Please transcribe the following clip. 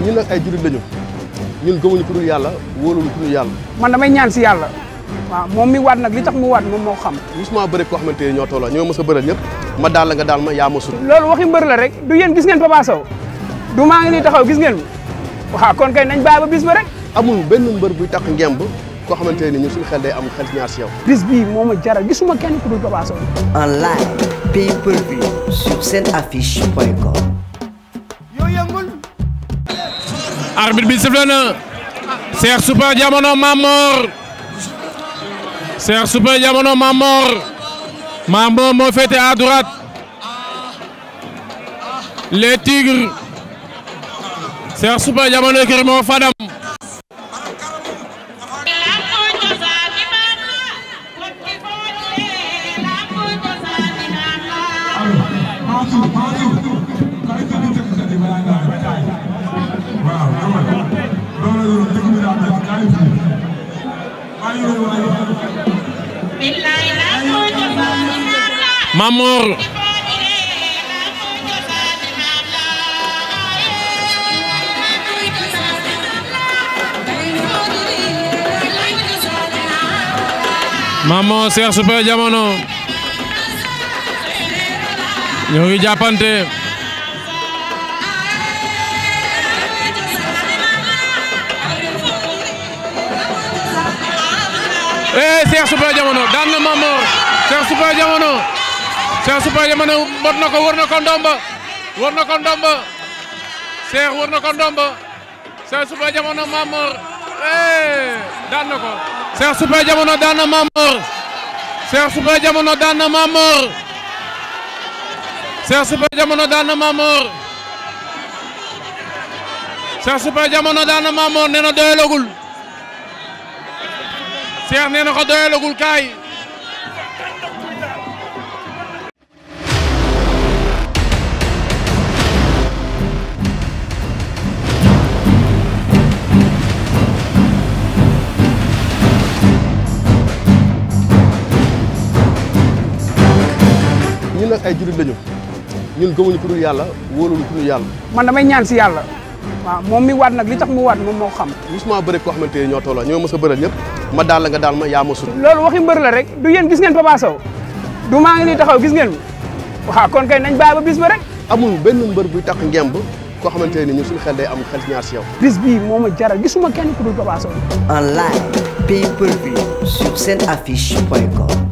ñun nag ay jullit lañu ñun gëmuñu ku yàlla wóoluñu ku dul yàlla. man damay ñaan si yàlla. waaw moom mi waat nag li tax mu waat moom moo xam. gisuma bëri koo xamante ñoo tolloo ñoo ma sa bëral ñëpp ma daal la nga daal ma yaa ma sut. loolu waxi mbër la rek du yéen gis ngeen Papa Sow du maa ngi nii taxaw gis ngeen wax kon kay nañ bàyyi ba bis ba rek. amul benn mbër buy tax ngemb koo xamante ne ñun suñu xel day am xel ñaar si yow. bis bii moo ma jaral gisuma kenn ku dul Papa seen affiche point arbitre bi sifflé na Cheikh Super Diamono Mamor Cheikh Super Diamono Mamor Mamor moo féete à droite les tigres Cheikh Super Diamono Écurie Mor Fadam Mamor Mamor Cheikh Super Diamono ñoo ngi jàppante Cheikh Super Diamono daan na Mamor Cheikh Super Diamono Cheikh Super Diamono mot na ko wër na ko ndomba wër na ko ndomba Cheikh wër na ko ndomba daan na ko Cheikh Super Diamono daan na Mamor Cheikh Super Diamono daan na Mamor Cheikh Super Cheikh nee na ko doyalagul kaay. ñun nag ay jullit lañu ñun gëmuñu ku dul yàlla wóoluñu ku dul yàlla. man damay ñaan si yàlla. waaw moom mi waat nag li tax mu waat moom moo xam. musuma bëri koo xamante ñoo tolloo ñoo mës a bëral ñëpp. ma daal la nga daal ma yaa ma sut. loolu waxi mbër la rek du yéen gis ngeen Papa du maa ngi nii taxaw gis ngeen ko waaw kon kay nañ bàyyi ba bis ba rek. amul benn mbër buy tax ngemb koo xamante ne ñun suñu xel day am xel ñaar si yow. bis bi moo ma jaral gisuma kenn ku dul Papa Sow. en live pay per view seen affiche point com.